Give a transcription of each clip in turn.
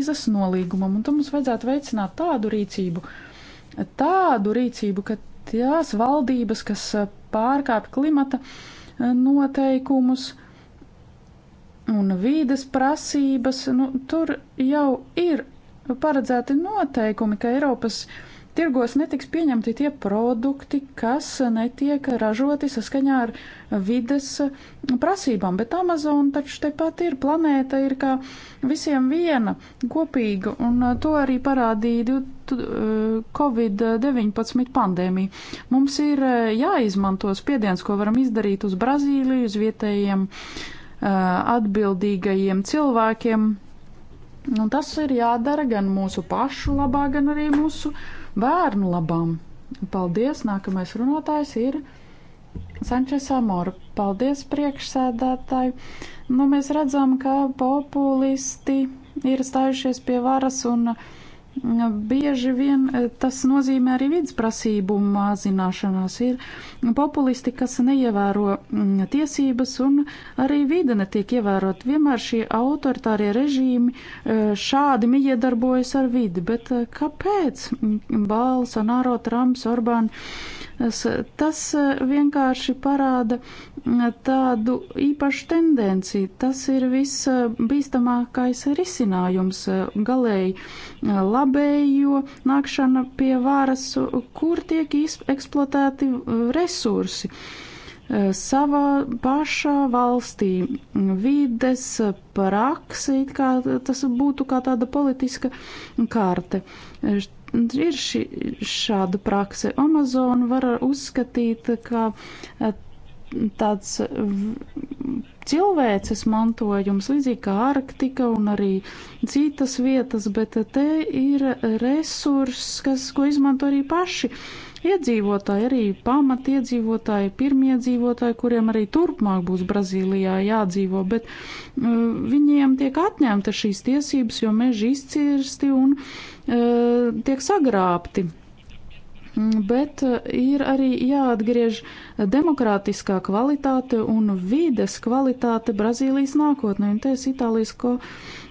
krīzes nolīgumam, un tam mums vajadzētu veicināt tādu rīcību, tādu rīcību, ka tās valdības, kas eh, pārkāpj klimata eh, noteikumus un vīdes prasības, nu, tur jau ir paredzēti noteikumi, ka Eiropas uh, tirgos netiks pieņemti tie produkti, kas netiek ražoti saskaņā ar vides prasībām, bet Amazon taču tepat ir planēta, ir kā visiem viena kopīga, un to arī parādīja Covid-19 pandēmija. Mums ir eh, jāizmanto spiediens, ko varam izdarīt uz Brazīliju, uz vietējiem eh, atbildīgajiem cilvēkiem. Un tas ir jādara gan mūsu pašu labā, gan arī mūsu uh, bērnu labām. Paldies! Nākamais runātājs ir Sančes Amora. Paldies, priekšsēdētāji! Nu, mēs redzam, ka populisti ir stājušies pie varas un uh, Bieži vien eh, tas nozīmē arī vidas prasību mazināšanās. Ir populisti, kas neievēro mm, tiesības un arī vide netiek ievērot. Vienmēr šie autoritārie režīmi eh, šādi miedarbojas ar vidi, bet eh, kāpēc Balsa, Nāro, Trumps, Orbāni? Tas eh, vienkārši parāda mm, tādu īpašu tendenciju. Tas ir viss eh, bīstamākais risinājums eh, galēji labējo nākšana pie varas, kur tiek eksploatēti resursi savā pašā valstī vides praksi, kā tas būtu kā tāda politiska kārte ir ši, šāda prakse. Amazon var uzskatīt, ka eh, tāds cilvēces mantojums, līdzīgi kā Arktika un arī citas vietas, bet te ir resurss, kas, ko izmanto arī paši iedzīvotāji, arī pamatiedzīvotāji, pirmiedzīvotāji, kuriem arī turpmāk būs Brazīlijā jādzīvo, bet uh, viņiem tiek atņemta šīs tiesības, jo meži izcirsti un uh, tiek sagrābti. Mm, bet eh, ir arī jāatgriež demokrātiskā kvalitāte un vides kvalitāte Brazīlijas nākotnē. Un te es Itālijas ko,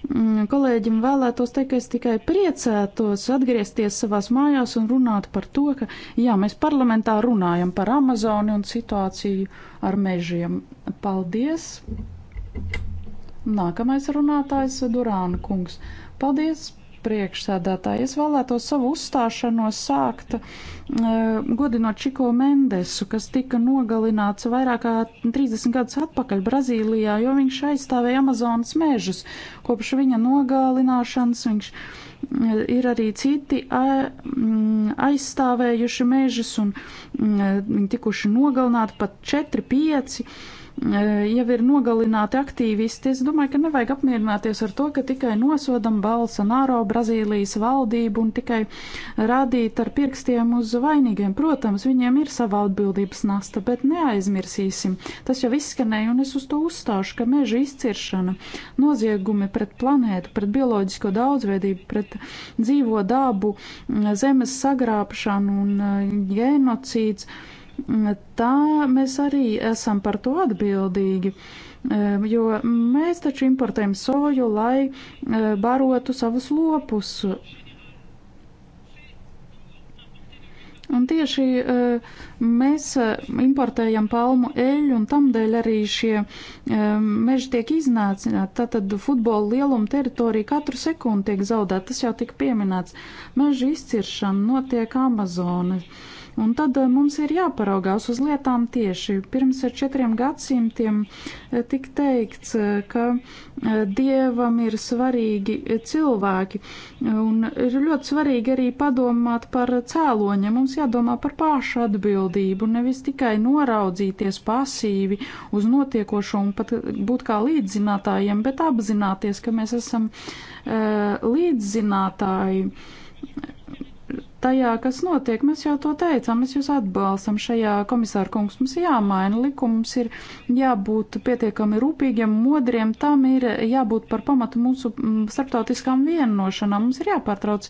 mm, kolēģim vēlētos teikt, ka es tikai priecētos atgriezties savās mājās un runāt par to, ka jā, mēs parlamentā runājam par Amazoni un situāciju ar mežiem. Paldies! Nākamais runātājs Durāna kungs. Paldies! priekšsēdētāji. Es vēlētos savu uzstāšanos sākt uh, godinot Čiko Mendesu, kas tika nogalināts vairāk kā 30 gadus atpakaļ Brazīlijā, jo viņš aizstāvēja Amazonas mežus. Kopš viņa nogalināšanas viņš e, ir arī citi aizstāvējuši mežus un e, viņi tikuši nogalināti pat 4-5 jau ir nogalināti aktīvisti. Es domāju, ka nevajag apmierināties ar to, ka tikai nosodam Balsonaro, Brazīlijas valdību un tikai rādīt ar pirkstiem uz vainīgiem. Protams, viņiem ir sava atbildības nasta, bet neaizmirsīsim. Tas jau izskanēja, un es uz to uzstāšu, ka meža izciršana, noziegumi pret planētu, pret bioloģisko daudzveidību, pret dzīvo dabu, zemes sagrābšanu un genocīds. Uh, tā mēs arī esam par to atbildīgi. E, jo mēs taču importējam soju, lai e, barotu savus lopus. Un tieši e, mēs importējam palmu eļu, un tamdēļ arī šie meži tiek iznācināti. Tātad futbola lieluma teritorija katru sekundi tiek zaudēta. Tas jau tika pieminēts. Meža izciršana notiek Amazonas Un tad eh, mums ir jāparaugās uz lietām tieši. Pirms eh, četriem gadsimtiem eh, tik teikts, ka dievam ir svarīgi cilvēki. Un ir ļoti svarīgi arī padomāt par cēloņa. Mums jādomā par pašu atbildību, nevis tikai noraudzīties pasīvi uz notiekošo un pat būt kā līdzzinātājiem, bet apzināties, ka mēs esam līdzzinātāji tajā, kas notiek. Mēs jau to teicām, mēs jūs atbalstam šajā komisāra kungs. Mums jāmaina likums, ir jābūt pietiekami rūpīgiem, modriem, tam ir jābūt par pamatu mūsu mm, starptautiskām vienošanām. Mums ir jāpārtrauc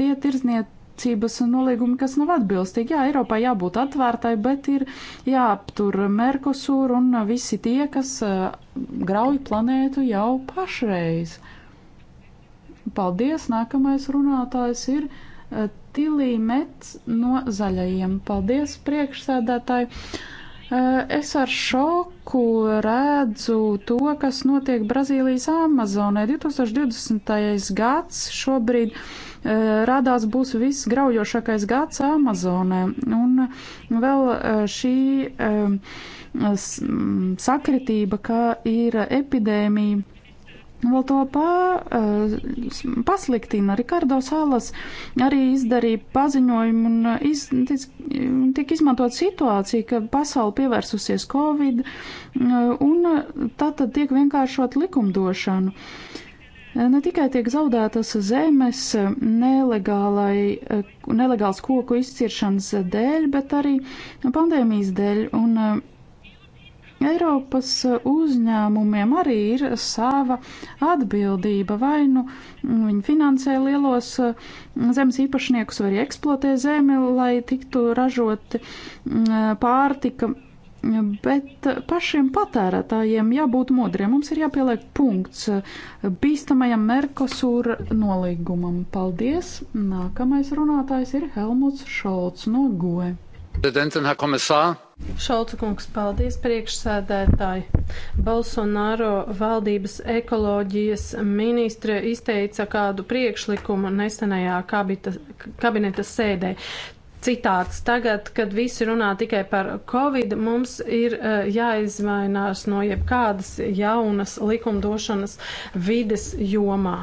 tie tirzniecības nolīgumi, kas nav atbilstīgi. Jā, Eiropā jābūt atvērtai, bet ir jāaptur Merkosūru un visi tie, kas eh, grauj planētu jau pašreiz. Paldies! Nākamais runātājs ir eh, Tilī Mets no Zaļajiem. Paldies, priekšsēdētāji! Es ar šoku redzu to, kas notiek Brazīlijas Amazonē. 2020. gads šobrīd rādās būs viss graujošākais gads Amazonē. Un vēl šī sakritība, ka ir epidēmija Vēl to pa, eh, pasliktina. Rikardo Salas arī izdarīja paziņojumu un eh, iz, tic, tika izmantot situācija, ka pasauli pievērsusies Covid eh, un tā tad tiek vienkāršot likumdošanu. Ne tikai tiek zaudētas zemes nelegāls koku izciršanas dēļ, bet arī pandēmijas dēļ. Un, Eiropas eh, uzņēmumiem arī ir sava atbildība. Vai nu mm, viņi finansē lielos eh, zemes īpašniekus, vai arī eksploatē zemi, lai tiktu ražoti mm, eh, pārtika. Bet pašiem patērētājiem jābūt modriem. Mums ir jāpieliek punkts bīstamajam Merkosūra nolīgumam. Paldies! Nākamais runātājs ir Helmuts Šolts no GOE. Prezidents un Herr Kommissar! Šalca kungs, paldies priekšsēdētāji. Bolsonaro valdības ekoloģijas ministre izteica kādu priekšlikumu nesenajā kabita, kabineta sēdē citāts. Tagad, kad visi runā tikai par Covid, mums ir uh, eh, jāizvainās no jebkādas jaunas likumdošanas vides jomā.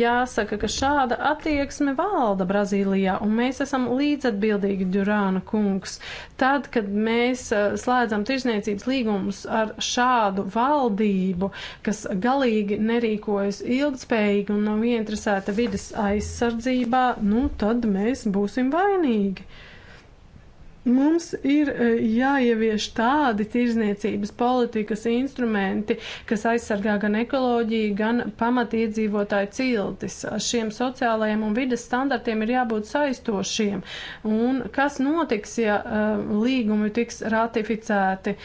Jāsaka, ka šāda attieksme valda Brazīlijā, un mēs esam līdzatbildīgi Durāna kungs. Tad, kad mēs uh, slēdzam tirzniecības līgumus ar šādu valdību, kas galīgi nerīkojas ilgspējīgi un nav ieinteresēta vides aizsardzībā, nu tad mēs būsim vainīgi. Mums ir e, jāievieš tādi tirzniecības politikas instrumenti, kas aizsargā gan ekoloģiju, gan pamatiedzīvotāju ciltis. Šiem sociālajiem un vides standartiem ir jābūt saistošiem. Un kas notiks, ja e, līgumi tiks ratificēti?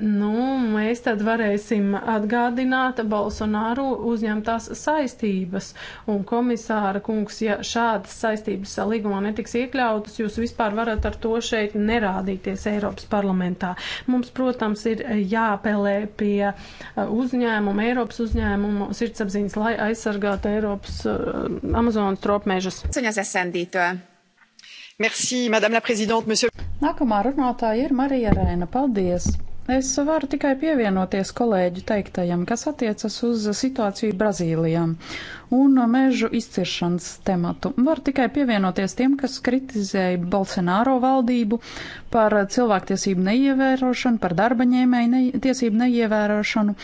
Nu, mēs tad varēsim atgādināt Bolsonaru uzņemtās saistības. Un komisāra kungs, ja šādas saistības līgumā netiks iekļautas, jūs vispār varat ar to šeit nerādīties Eiropas parlamentā. Mums, protams, ir jāpelē pie uh, uzņēmuma, Eiropas uzņēmuma sirdsapziņas, lai aizsargātu Eiropas uh, Amazonas tropmežas. Merci, Madame la Présidente, Monsieur. Nākamā runātāja ir Marija Rēna. Paldies! Es varu tikai pievienoties kolēģu teiktajam, kas attiecas uz situāciju Brazīlijā un mežu izciršanas tematu. Var tikai pievienoties tiem, kas kritizēja Bolsonaro valdību par cilvēktiesību neievērošanu, par darba ņēmēju ne, tiesību neievērošanu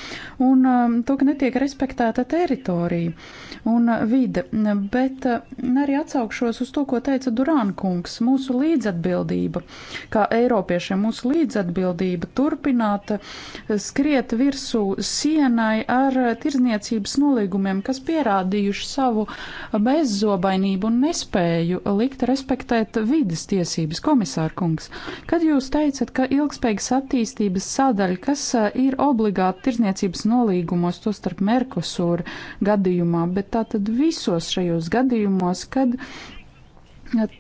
un um, to, ka netiek respektēta teritorija un vide. Bet um, arī atsaukšos uz to, ko teica Durānkungs - mūsu līdzatbildība, kā Eiropiešiem mūsu līdzatbildība turpināt uh, skriet virsū sienai ar tirzniecības nolīgumiem, kas pierāda parādījuši savu bezzobainību un nespēju likt respektēt vidas tiesības, komisārkungs. Kad jūs teicat, ka ilgspējīgas attīstības sadaļa, kas e, ir obligāti tirzniecības nolīgumos, to starp Merkosūru gadījumā, bet tātad visos šajos gadījumos, kad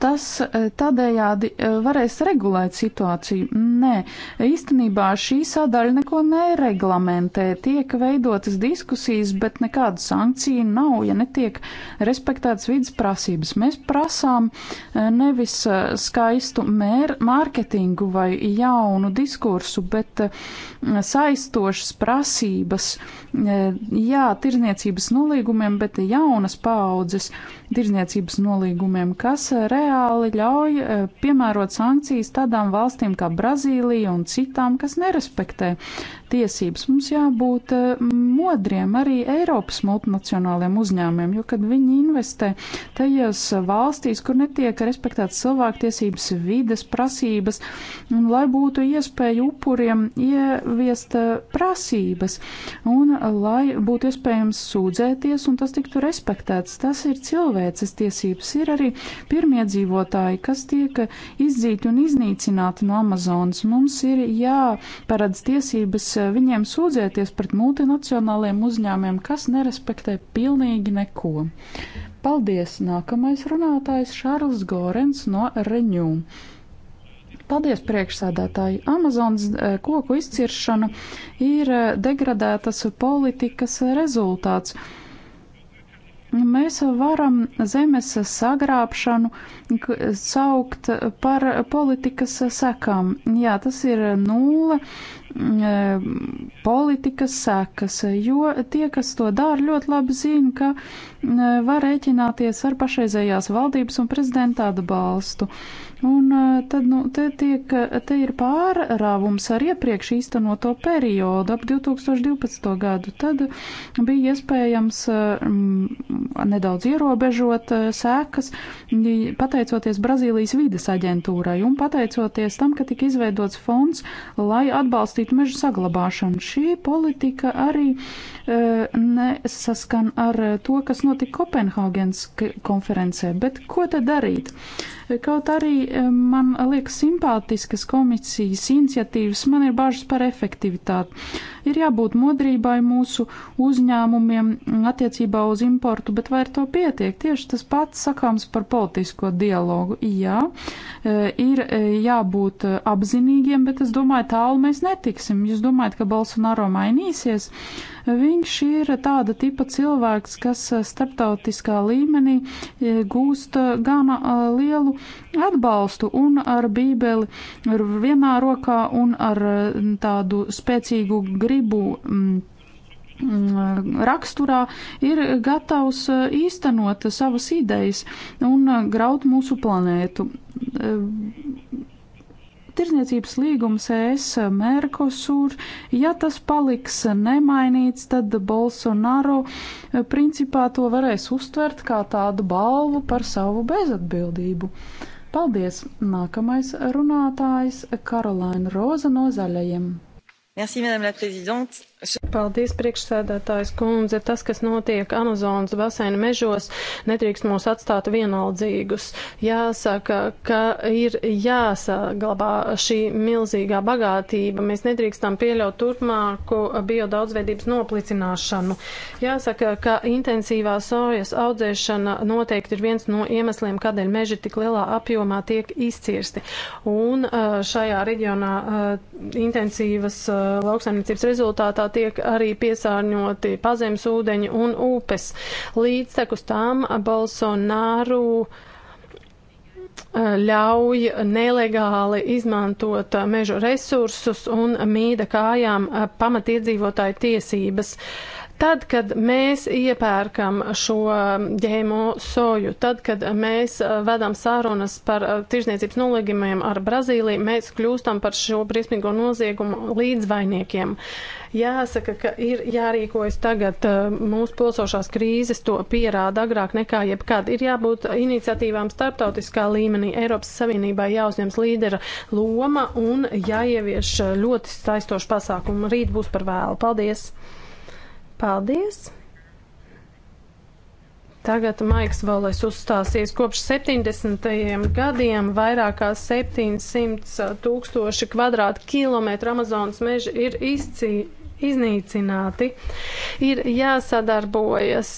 Tas eh, tādējādi eh, varēs regulēt situāciju. Nē, īstenībā šī sadaļa neko nereglamentē. Tiek veidotas diskusijas, bet nekāda sankcija nav, ja netiek respektētas vidas prasības. Mēs prasām eh, nevis skaistu mēr mārketingu vai jaunu diskursu, bet saistošas prasības, jā, tirzniecības nolīgumiem, bet jaunas paaudzes tirzniecības nolīgumiem, kas eh, reāli ļauj eh, piemērot sankcijas tādām valstīm kā Brazīlija un citām, kas nerespektē tiesības. Mums jābūt eh, modriem arī Eiropas multinacionāliem uzņēmumiem, jo kad viņi investē tajās valstīs, kur netiek respektētas cilvēktiesības, vides prasības, un lai būtu iespēja upuriem ieviest prasības, un lai būtu iespējams sūdzēties, un tas tiktu respektēts. Tas ir cilvēks cilvēces tiesības. Ir arī pirmiedzīvotāji, kas tiek izdzīti un iznīcināti no Amazonas. Mums ir jāparedz tiesības viņiem sūdzēties pret multinacionāliem uzņēmiem, kas nerespektē pilnīgi neko. Paldies! Nākamais runātājs Šārls Gorens no Reņū. Paldies, priekšsēdētāji. Amazonas eh, koku izciršana ir eh, degradētas politikas rezultāts. Mēs varam zemes sagrābšanu saukt par politikas sekām. Jā, tas ir nulle mm, politikas sekas, jo tie, kas to dara, ļoti labi zina, ka mm, e, var rēķināties ar pašreizējās valdības un prezidenta atbalstu. Uh, Un eh, tad, nu, te, tiek, eh, te ir pārrāvums ar iepriekš īstenoto periodu ap 2012. gadu. Tad bija iespējams eh, m, nedaudz ierobežot sēkas, pateicoties Brazīlijas vides aģentūrai un pateicoties tam, ka tika izveidots fonds, lai atbalstītu mežu saglabāšanu. Šī politika arī e, nesaskan ar to, kas notika Kopenhāgenes konferencē. Bet ko tad darīt? Kaut arī eh, man liekas simpātiskas komisijas iniciatīvas, man ir bažas par efektivitāti. Ir jābūt modrībai mūsu uzņēmumiem attiecībā uz importu, bet vai ar to pietiek? Tieši tas pats sakāms par politisko dialogu. Jā, eh, ir eh, jābūt apzinīgiem, bet es domāju, tālu mēs netiksim. Jūs domājat, ka Bolsonaro mainīsies? Uh, Viņš ir tāda tipa cilvēks, kas eh, starptautiskā līmenī eh, gūst eh, gana lielu atbalstu un ar bībeli ar vienā rokā un ar tādu spēcīgu gribu mm, mm, raksturā ir gatavs īstenot savas idejas un graut mūsu planētu Tirzniecības līgums ES Merkosur, ja tas paliks nemainīts, tad Bolsonaro eh, principā to varēs uztvert kā tādu balvu par savu bezatbildību. Paldies! Nākamais runātājs Karolaina Roza no Zaļajiem. Merci, Madame la Présidente. Paldies, priekšsēdētājs kundze. Tas, kas notiek Amazonas baseina mežos, nedrīkst mūs atstāt vienaldzīgus. Jāsaka, ka ir jāsaglabā šī milzīgā bagātība. Mēs nedrīkstam pieļaut turpmāku biodaudzveidības noplicināšanu. Jāsaka, ka intensīvā sojas audzēšana noteikti ir viens no iemesliem, kādēļ meži tik lielā apjomā tiek izcirsti. Un eh, šajā reģionā eh, intensīvas eh, lauksaimniecības rezultātā tiek arī piesārņoti pazemes ūdeņi un upes. Līdztekus tam Bolsonaro eh, ļauj nelegāli izmantot mežu resursus un mīda kājām eh, pamatiedzīvotāju tiesības. Uh, Tad, kad mēs iepērkam šo ģēmo soju, tad, kad mēs uh, vedam sārunas par uh, tirzniecības nolīgumiem ar Brazīliju, mēs kļūstam par šo briesmīgo noziegumu līdzvainiekiem. Jāsaka, ka ir jārīkojas tagad uh, mūsu plosošās krīzes, to pierāda agrāk nekā jebkad. Ir jābūt iniciatīvām starptautiskā līmenī, Eiropas Savienībā jāuzņems līdera loma un jāievieš ļoti saistoši pasākumi. Rīt būs par vēlu. Paldies! Paldies! Tagad Maiks Voles uzstāsies kopš 70. gadiem vairāk kā 700 tūkstoši kvadrātkilometru Amazonas meža ir izcī, iznīcināti. Ir jāsadarbojas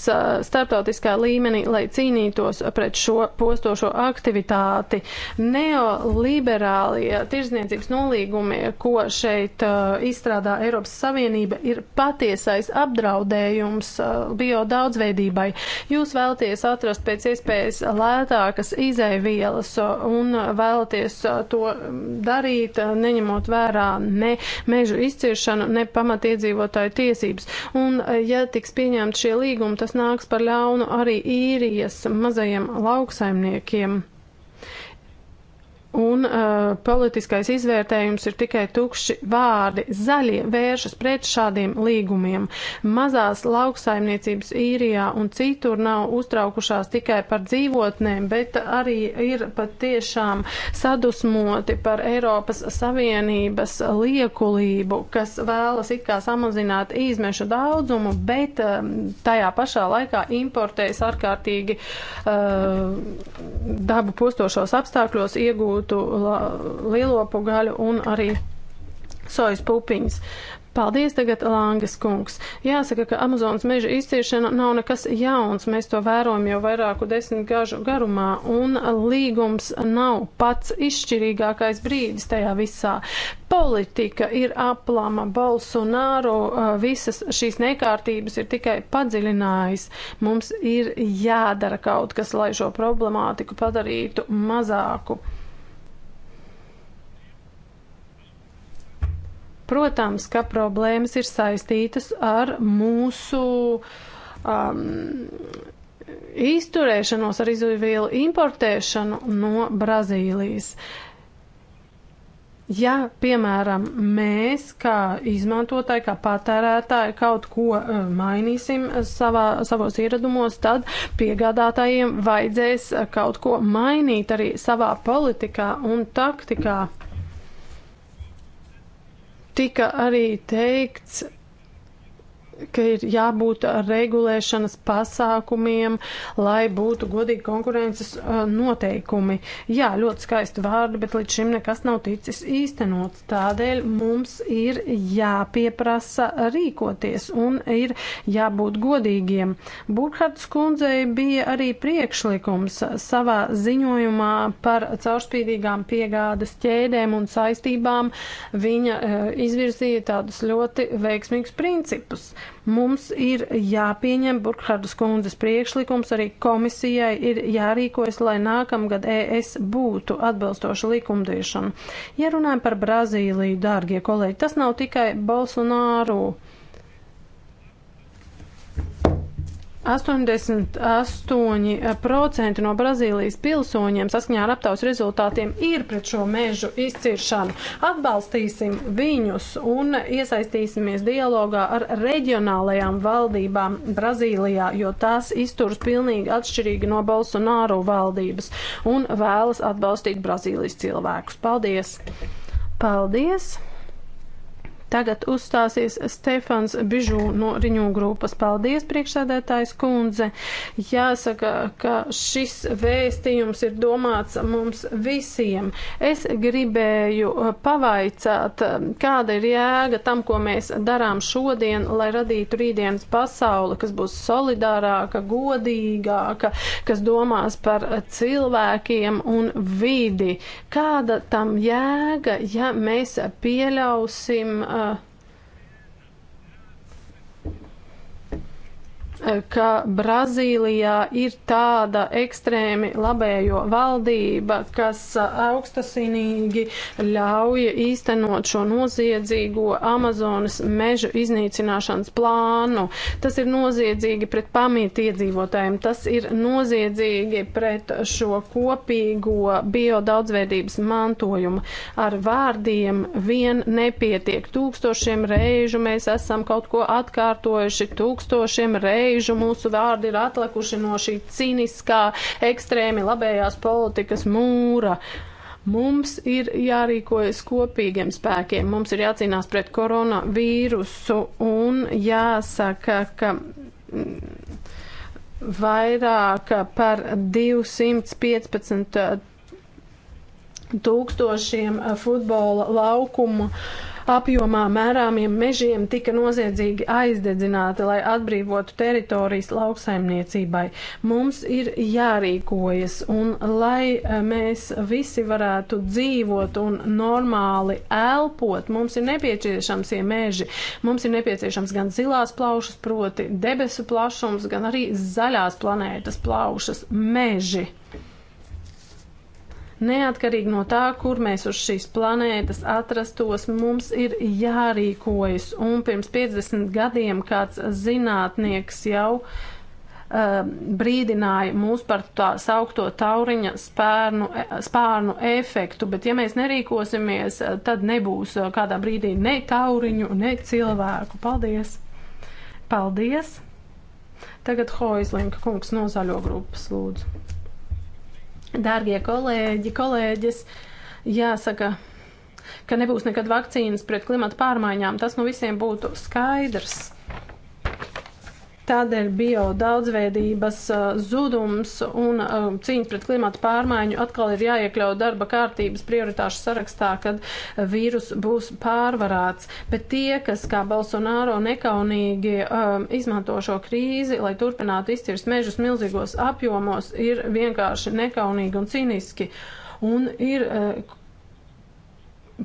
starptautiskā līmenī, lai cīnītos pret šo postošo aktivitāti. Neoliberālie tirzniecības nolīgumi, ko šeit izstrādā Eiropas Savienība, ir patiesais apdraudējums bio daudzveidībai. Jūs vēlaties atrast pēc iespējas lētākas izēvielas un vēlaties to darīt, neņemot vērā ne mežu izciršanu, ne pamatību ievērot iedzīvotāju tiesības. Un, eh, ja tiks pieņemti šie līgumi, tas nāks par ļaunu arī īrijas mazajiem lauksaimniekiem un uh, politiskais izvērtējums ir tikai tukši vārdi. Zaļie vēršas pret šādiem līgumiem. Mazās lauksaimniecības īrijā un citur nav uztraukušās tikai par dzīvotnēm, bet arī ir patiešām sadusmoti par Eiropas Savienības liekulību, kas vēlas it kā samazināt izmešu daudzumu, bet uh, tajā pašā laikā importēs ārkārtīgi uh, dabu postošos apstākļos iegūt izmantotu lielopu gaļu un arī sojas pupiņas. Paldies tagad Langas kungs. Jāsaka, ka Amazonas meža izciešana nav nekas jauns. Mēs to vērojam jau vairāku desmit gažu garumā, un līgums nav pats izšķirīgākais brīdis tajā visā. Politika ir aplama, Bolsonaro, uh, visas šīs nekārtības ir tikai padziļinājis. Mums ir jādara kaut kas, lai šo problemātiku padarītu mazāku. Protams, ka problēmas ir saistītas ar mūsu um, izturēšanos, ar izuvielu importēšanu no Brazīlijas. Ja, piemēram, mēs kā izmantotāji, kā patērētāji kaut ko uh, mainīsim savā, savos ieradumos, tad piegādātājiem vajadzēs kaut ko mainīt arī savā politikā un taktikā. Tika arī teikts, ka ir jābūt regulēšanas pasākumiem, lai būtu godīgi konkurences uh, noteikumi. Jā, ļoti skaisti vārdi, bet līdz šim nekas nav ticis īstenots. Tādēļ mums ir jāpieprasa rīkoties un ir jābūt godīgiem. Burkhards kundzei bija arī priekšlikums savā ziņojumā par caurspīdīgām piegādes ķēdēm un saistībām. Viņa uh, izvirzīja tādus ļoti veiksmīgus principus. Uh, Mums ir jāpieņem Burkhardas kundzes priekšlikums, arī komisijai ir jārīkojas, lai nākamgad ES būtu atbilstoša likumdošana. Ja runājam par Brazīliju, dārgie kolēģi, tas nav tikai Bolsonaro. 88% no Brazīlijas pilsoņiem saskaņā ar aptaujas rezultātiem ir pret šo mežu izciršanu. Atbalstīsim viņus un iesaistīsimies dialogā ar reģionālajām valdībām Brazīlijā, jo tās izturs pilnīgi atšķirīgi no Bolsonaro valdības un vēlas atbalstīt Brazīlijas cilvēkus. Paldies! Paldies! Tagad uzstāsies Stefans Bižū no Riņū grupas. Paldies, priekšsēdētājs kundze. Jāsaka, ka šis vēstījums ir domāts mums visiem. Es gribēju uh, pavaicāt, um, kāda ir jēga tam, ko mēs darām šodien, lai radītu rītdienas pasauli, kas būs solidārāka, godīgāka, kas domās par cilvēkiem un vidi. Kāda tam jēga, ja mēs pieļausim uh, uh, ka Brazīlijā ir tāda ekstrēmi labējo valdība, kas augstasinīgi ļauj īstenot šo noziedzīgo Amazonas mežu iznīcināšanas plānu. Tas ir noziedzīgi pret pamīti iedzīvotājiem, tas ir noziedzīgi pret šo kopīgo biodaudzveidības mantojumu. Ar vārdiem vien nepietiek. Tūkstošiem reižu mēs esam kaut ko atkārtojuši, tūkstošiem reižu greižu mūsu vārdi ir atlikuši no šī cīniskā ekstrēmi labējās politikas mūra. Mums ir jārīkojas kopīgiem spēkiem, mums ir jācīnās pret koronavīrusu un jāsaka, ka mm, vairāk par 215 tūkstošiem futbola laukumu uh, apjomā mērāmiem mežiem tika noziedzīgi aizdedzināti, lai atbrīvotu teritorijas lauksaimniecībai. Mums ir jārīkojas, un lai eh, mēs visi varētu dzīvot un normāli elpot, mums ir nepieciešams šie meži. Mums ir nepieciešams gan zilās plaušas, proti debesu plašums, gan arī zaļās planētas plaušas meži. Neatkarīgi no tā, kur mēs uz šīs planētas atrastos, mums ir jārīkojas. Un pirms 50 gadiem kāds zinātnieks jau uh, brīdināja mūs par tā saukto tauriņa spērnu, spārnu efektu, bet ja mēs nerīkosimies, tad nebūs uh, kādā brīdī ne tauriņu, ne cilvēku. Paldies! Paldies! Tagad Hoizlinka kungs no zaļo grupas lūdzu. Dārgie kolēģi, kolēģis, jāsaka, ka nebūs nekad vakcīnas pret klimatu pārmaiņām. Tas nu visiem būtu skaidrs. Tādēļ bio daudzveidības uh, zudums un um, cīņa pret klimatu pārmaiņu atkal ir jāiekļaut darba kārtības prioritāšu sarakstā, kad vīrus būs pārvarāts. Bet tie, kas kā Bolsonaro nekaunīgi um, izmanto šo krīzi, lai turpinātu izcirst mežus milzīgos apjomos, ir vienkārši nekaunīgi un cīniski. Un ir uh,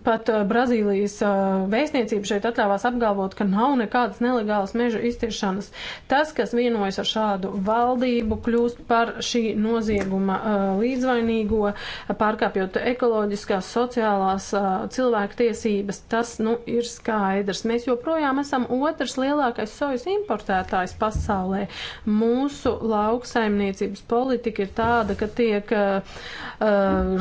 Pat uh, Brazīlijas uh, vēstniecība šeit atļāvās apgalvot, ka nav nekādas nelegālas meža iztiršanas. Tas, kas vienojas ar šādu valdību, kļūst par šī nozieguma uh, līdzvainīgo, pārkāpjot ekoloģiskās, sociālās cilvēktiesības. Tas, nu, ir skaidrs. Mēs joprojām esam otrs lielākais sojas importētājs pasaulē. Mūsu lauksaimniecības politika ir tāda, ka tiek uh,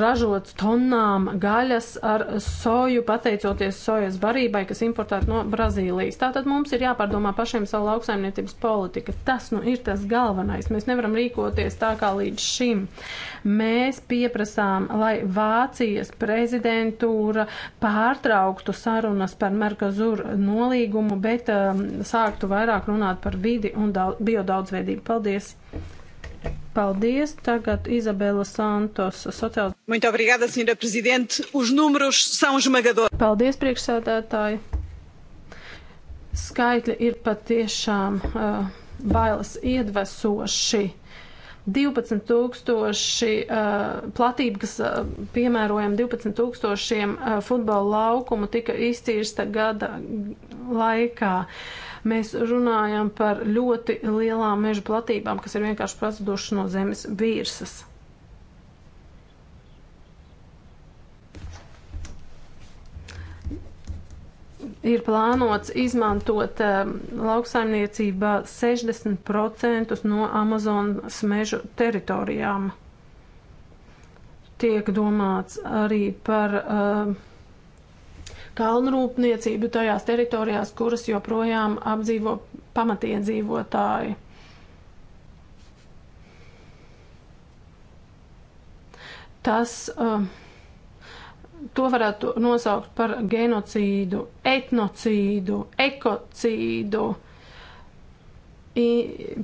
ražots tonnām gaļas ar soju soju, pateicoties sojas barībai, kas importēta no Brazīlijas. Tātad mums ir jāpārdomā pašiem savu lauksaimniecības politika. Tas nu ir tas galvenais. Mēs nevaram rīkoties tā kā līdz šim. Mēs pieprasām, lai Vācijas prezidentūra pārtrauktu sarunas par Merkazur nolīgumu, bet um, sāktu vairāk runāt par vidi un daudz, biodaudzveidību. Paldies! Paldies. Tagad Izabela Santos, sociāla. Muito obrigada, senhora presidente. Os números são esmagadores. Paldies, priekšsēdētāji. Skaitļi ir patiešām uh, bailes iedvesoši. 12,000 uh, platība, kas uh, piemērojama 12,000 uh, futbola laukumu, tika izcīrsta gada laikā. Uh, Mēs runājam par ļoti lielām meža platībām, kas ir vienkārši prasadošas no zemes virsmas. ir plānots izmantot uh, um, lauksaimniecībā 60% no Amazonas mežu teritorijām. Tiek domāts arī par uh, kalnrūpniecību tajās teritorijās, kuras joprojām apdzīvo pamatiedzīvotāji. Tas, um, to varētu nosaukt par genocīdu, etnocīdu, ekocīdu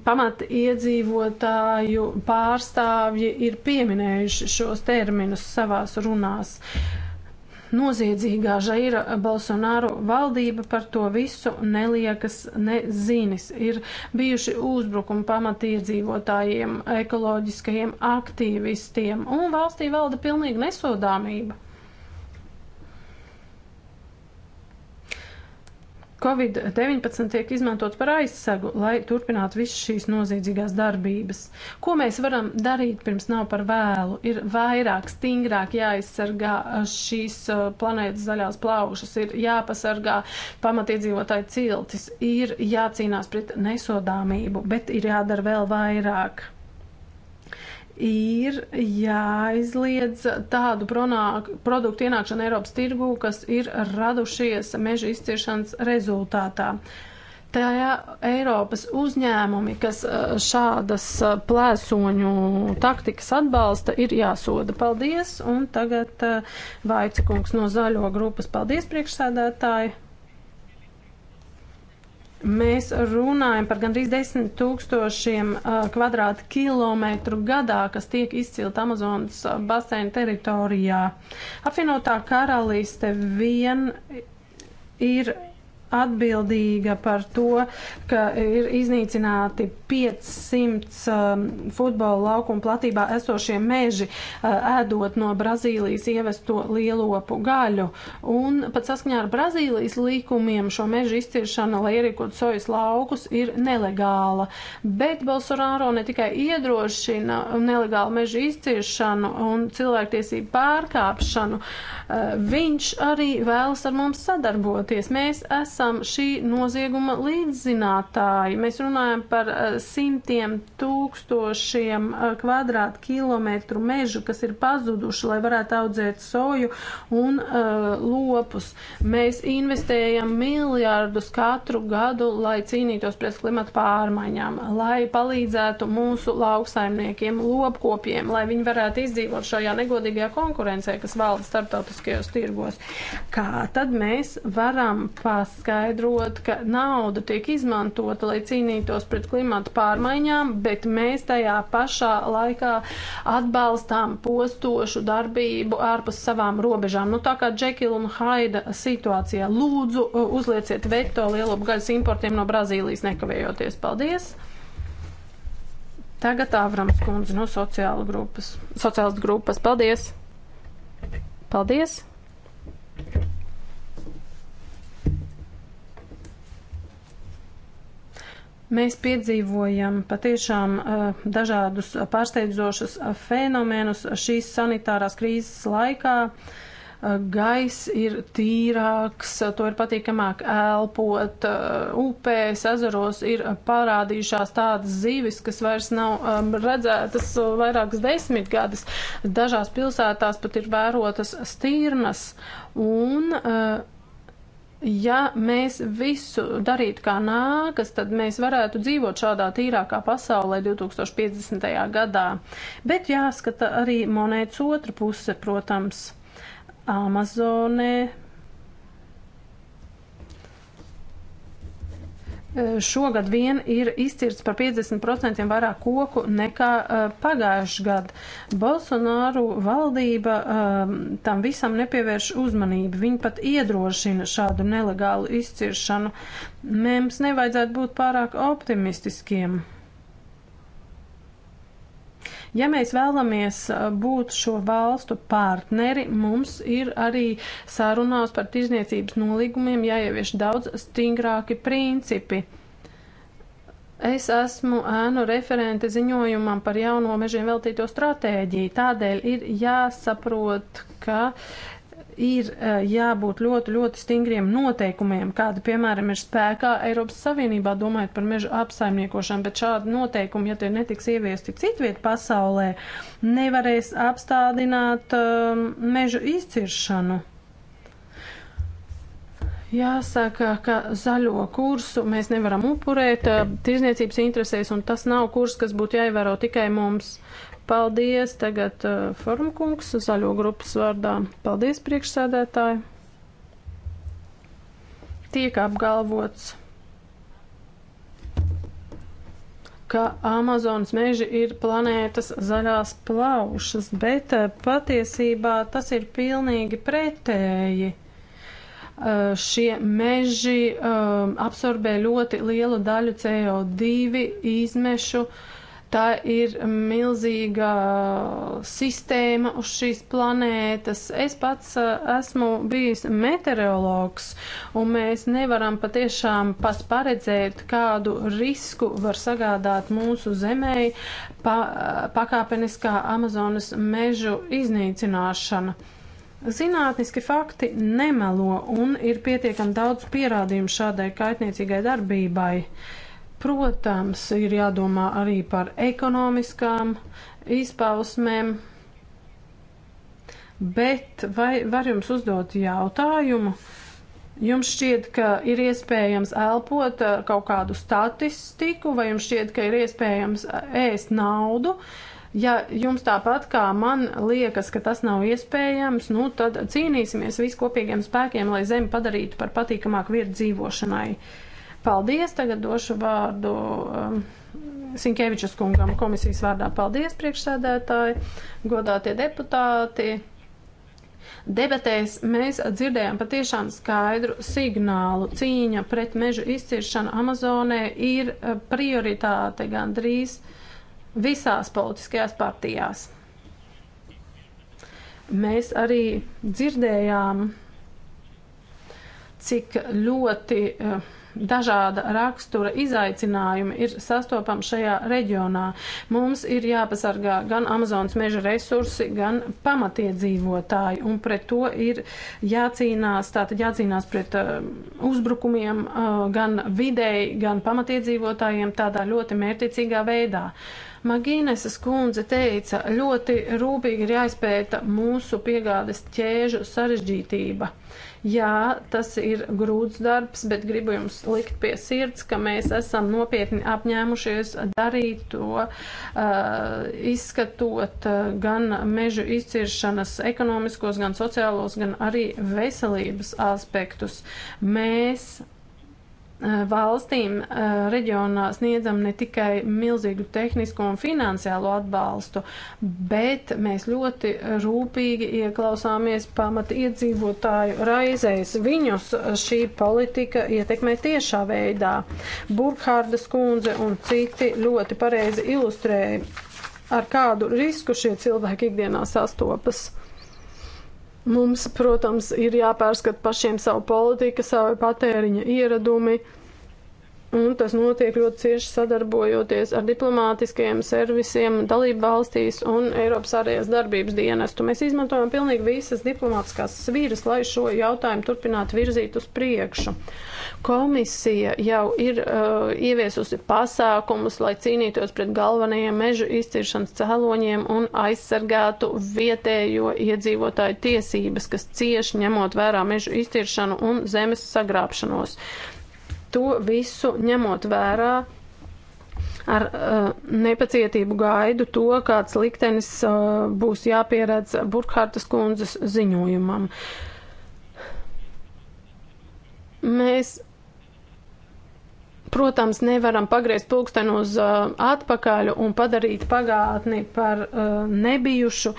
pamata iedzīvotāju pārstāvji ir pieminējuši šos terminus savās runās noziedzīgā Žaira Bolsonaru valdība par to visu neliekas nezinis. Ir bijuši uzbrukumi pamatiedzīvotājiem, ekoloģiskajiem aktīvistiem, un valstī valda pilnīga nesodāmība. Covid-19 tiek izmantots par aizsegu, lai turpinātu visas šīs noziedzīgās darbības. Ko mēs varam darīt pirms nav par vēlu? Ir vairāk, stingrāk jāaizsargā uh, šīs uh, planētas zaļās plaušas, ir jāpasargā pamatiedzīvotāju ciltis, ir jācīnās pret nesodāmību, bet ir jādara vēl vairāk ir jāizliedz tādu pronāk, produktu ienākšanu Eiropas tirgū, kas ir radušies meža izciešanas rezultātā. Tajā Eiropas uzņēmumi, kas eh, šādas eh, plēsoņu taktikas atbalsta, ir jāsoda. Paldies! Un tagad eh, Vaica kungs no zaļo grupas. Paldies, priekšsēdētāji! Mēs runājam par gandrīz 10 tūkstošiem kvadrātkilometru gadā, kas tiek izcilt Amazonas basēna teritorijā. Apvienotā karaliste vien ir atbildīga par to, ka ir iznīcināti 500 um, futbola laukuma platībā esošie meži, uh, ēdot no Brazīlijas ievesto lielopu gaļu. Un pat saskaņā ar Brazīlijas līkumiem šo mežu izciršana, lai ierīkot sojas laukus, ir nelegāla. Bet Bolsonaro ne tikai iedrošina nelegālu mežu izciršanu un cilvēktiesību pārkāpšanu, uh, viņš arī vēlas ar mums sadarboties. Mēs esam esam šī nozieguma līdzzinātāji. Mēs runājam par eh, simtiem tūkstošiem eh, kvadrātkilometru mežu, kas ir pazuduši, lai varētu audzēt soju un uh, lopus. Mēs investējam miljārdus katru gadu, lai cīnītos pret klimatu pārmaiņām, lai palīdzētu mūsu lauksaimniekiem, lopkopiem, lai viņi varētu izdzīvot šajā negodīgajā konkurencē, kas valda starptautiskajos tirgos. Kā tad mēs varam paskatīties? paskaidrot, ka nauda tiek izmantota, lai cīnītos pret klimatu pārmaiņām, bet mēs tajā pašā laikā atbalstām postošu darbību ārpus savām robežām. Nu, tā kā Džekila un Haida situācijā. Lūdzu, uh, uzlieciet veto lielopgaļas importiem no Brazīlijas nekavējoties. Paldies! Tagad Avrams kundze no sociāla grupas. Sociālas grupas. Paldies! Paldies! Mēs piedzīvojam patiešām eh, dažādus pārsteidzošus fenomenus šīs sanitārās krīzes laikā. Eh, Gaiss ir tīrāks, to ir patīkamāk elpot, eh, upēs, ezeros ir parādījušās tādas zīvis, kas vairs nav ehm, redzētas vairākas desmitgades. Dažās pilsētās pat ir vērotas stīrnas un uh, Ja mēs visu darītu kā nākas, tad mēs varētu dzīvot šādā tīrākā pasaulē 2050. gadā. Bet jāskata arī monētas otra puse, protams, Amazonē Eh, šogad vien ir izcirts par 50% vairāk koku nekā uh, pagājuši gadu. Bolsonaru valdība uh, tam visam nepievērš uzmanību. Viņi pat iedrošina šādu nelegālu izciršanu. Mums nevajadzētu būt pārāk optimistiskiem. Ja mēs vēlamies uh, būt šo valstu partneri, mums ir arī sarunās par tirzniecības nolīgumiem jāievieš daudz stingrāki principi. Es esmu ēnu referente ziņojumam par jauno mežiem veltīto stratēģiju. Tādēļ ir jāsaprot, ka uh, ir eh, jābūt ļoti, ļoti stingriem noteikumiem, kāda, piemēram, ir spēkā Eiropas Savienībā, domājot par meža apsaimniekošanu, bet šādi noteikumi, ja tie netiks ieviesti citviet pasaulē, nevarēs apstādināt um, ehm, mežu izciršanu. Jāsaka, ka zaļo kursu mēs nevaram upurēt eh, tirzniecības interesēs, un tas nav kurs, kas būtu jāievēro tikai mums. Uh, Paldies tagad uh, Formkungs zaļo grupas vārdā. Paldies priekšsēdētāji. Tiek apgalvots, ka Amazonas meži ir planētas zaļās plaušas, bet uh, patiesībā tas ir pilnīgi pretēji. Uh, šie meži um, absorbē ļoti lielu daļu CO2 izmešu, uh, Tā ir milzīga sistēma uz šīs planētas. Es pats uh, esmu bijis meteorologs, un mēs nevaram patiešām pas paredzēt, kādu risku var sagādāt mūsu zemē pa, uh, pakāpeniskā Amazonas mežu iznīcināšana. Zinātniski fakti nemelo, un ir pietiekami daudz pierādījumu šādai kaitniecīgai darbībai. Uh, Protams, ir jādomā arī par ekonomiskām izpausmēm, bet vai var jums uzdot jautājumu? Jums šķiet, ka ir iespējams elpot eh, kaut kādu statistiku, vai jums šķiet, ka ir iespējams eh, ēst naudu? Ja jums tāpat kā man liekas, ka tas nav iespējams, nu tad cīnīsimies viskopīgiem spēkiem, lai zemi padarītu par patīkamāku vietu dzīvošanai. Uh, Paldies, tagad došu vārdu um, Sinkevičus kungam komisijas vārdā. Paldies, priekšsēdētāji, godātie deputāti. Debatēs mēs dzirdējām patiešām skaidru signālu. Cīņa pret mežu izciršanu Amazonē ir uh, prioritāte gandrīz visās politiskajās partijās. Mēs arī dzirdējām, cik ļoti uh, dažāda rakstura izaicinājumi ir sastopami šajā reģionā. Mums ir jāpasargā gan Amazonas meža resursi, gan pamatiedzīvotāji, un pret to ir jācīnās, tātad jācīnās pret uh, uzbrukumiem uh, gan videi, gan pamatiedzīvotājiem tādā ļoti mērķicīgā veidā. Magīneses kundze teica, ļoti rūpīgi ir jāizpēta mūsu piegādes ķēžu sarežģītība. Uh, Jā, tas ir grūts darbs, bet gribu jums likt pie sirds, ka mēs esam nopietni apņēmušies darīt to, izskatot gan mežu izciršanas ekonomiskos, gan sociālos, gan arī veselības aspektus. Mēs Eh, valstīm eh, reģionā sniedzam ne tikai milzīgu tehnisko un finansiālo atbalstu, bet mēs ļoti rūpīgi ieklausāmies pamata iedzīvotāju raizēs. Viņus šī politika ietekmē tiešā veidā. Burkhārdas kundze un citi ļoti pareizi ilustrēja, ar kādu risku šie cilvēki ikdienā sastopas. Mums, protams, ir jāpārskata pašiem savu politiku, savu patēriņa ieradumi. Un tas notiek ļoti cieši sadarbojoties ar diplomātiskajiem servisiem dalību valstīs un Eiropas ārējās darbības dienestu. Mēs izmantojam pilnīgi visas diplomātiskās svīras, lai šo jautājumu turpinātu virzīt uz priekšu. Komisija jau ir uh, ieviesusi pasākumus, lai cīnītos pret galvenajiem mežu izciršanas cēloņiem un aizsargātu vietējo iedzīvotāju tiesības, kas cieši ņemot vērā mežu izciršanu un zemes sagrābšanos. To visu ņemot vērā ar uh, nepacietību gaidu to, kāds liktenis uh, būs jāpieredz Burkhartas kundzes ziņojumam. Mēs, protams, nevaram pagriezt pulksteni uz uh, atpakaļ un padarīt pagātni par uh, nebijušu,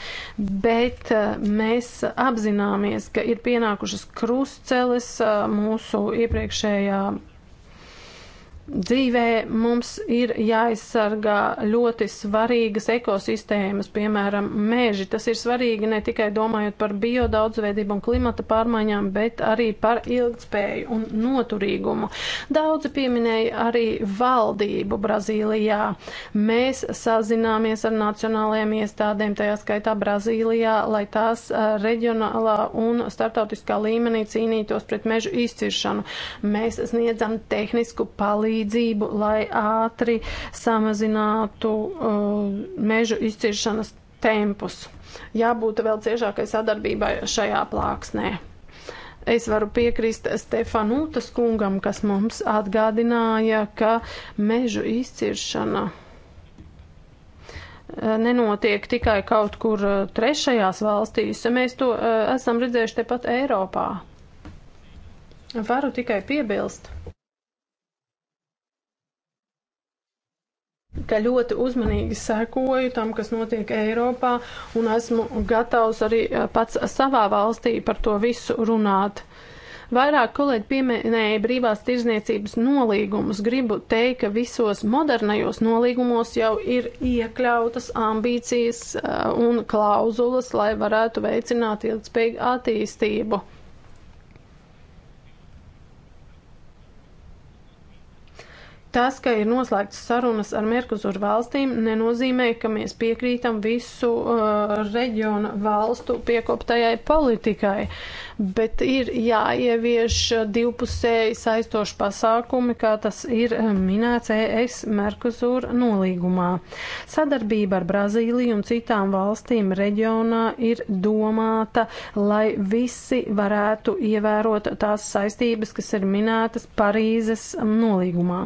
bet uh, mēs apzināmies, ka ir pienākušas krustceles uh, mūsu iepriekšējā dzīvē mums ir jāaizsargā ļoti svarīgas ekosistēmas, piemēram, mēži. Tas ir svarīgi ne tikai domājot par biodaudzveidību un klimata pārmaiņām, bet arī par ilgspēju un noturīgumu. Daudzi pieminēja arī valdību Brazīlijā. Mēs sazināmies ar nacionālajiem iestādēm, tajā skaitā Brazīlijā, lai tās reģionālā un starptautiskā līmenī cīnītos pret mežu izciršanu. Mēs sniedzam tehnisku palīdzību palīdzību, lai ātri samazinātu uh, mežu izciršanas tempus. Jābūt vēl ciešākai sadarbībai šajā plāksnē. Es varu piekrist Stefanūtas kungam, kas mums atgādināja, ka mežu izciršana uh, nenotiek tikai kaut kur uh, trešajās valstīs. Mēs to uh, esam redzējuši tepat Eiropā. Varu tikai piebilst, ka ļoti uzmanīgi sekoju tam, kas notiek Eiropā, un esmu gatavs arī eh, pats savā valstī par to visu runāt. Vairāk kolēģi pieminēja brīvās tirzniecības nolīgumus. Gribu teikt, ka visos modernajos nolīgumos jau ir iekļautas ambīcijas eh, un klauzulas, lai varētu veicināt ilgspējīgu attīstību. Tas, ka ir noslēgts sarunas ar Merkuzuru valstīm, nenozīmē, ka mēs piekrītam visu uh, reģionu valstu piekoptajai politikai. Uh, bet ir jāievieš divpusēji saistoši pasākumi, kā tas ir minēts ES Merkuzūra nolīgumā. Sadarbība ar Brazīliju un citām valstīm reģionā ir domāta, lai visi varētu ievērot tās saistības, kas ir minētas Parīzes nolīgumā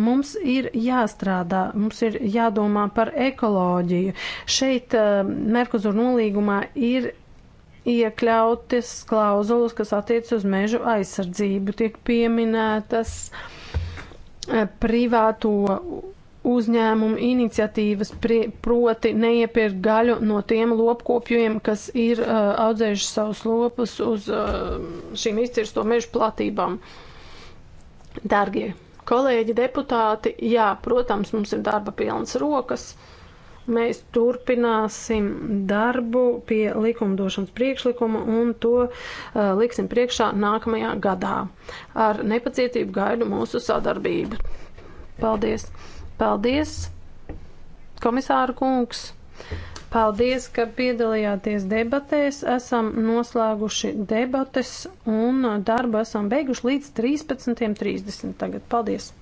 mums ir jāstrādā, mums ir jādomā par ekoloģiju. Šeit uh, eh, Merkuzur nolīgumā ir iekļautas klauzulas, kas attiec uz mežu aizsardzību, tiek pieminētas eh, privāto uzņēmumu iniciatīvas, proti neiepirkt gaļu no tiem lopkopjiem, kas ir uh, audzējuši savus lopus uz uh, šīm izcirsto mežu platībām. Dārgie kolēģi deputāti, jā, protams, mums ir darba pilnas rokas. Uh, Mēs turpināsim darbu pie likumdošanas priekšlikuma un to uh, liksim priekšā nākamajā gadā. Ar nepacietību gaidu mūsu sadarbību. Paldies! Paldies, komisāra kungs! Paldies, ka piedalījāties debatēs. Esam noslēguši debates un darbu esam beiguši līdz 13.30 tagad. Paldies!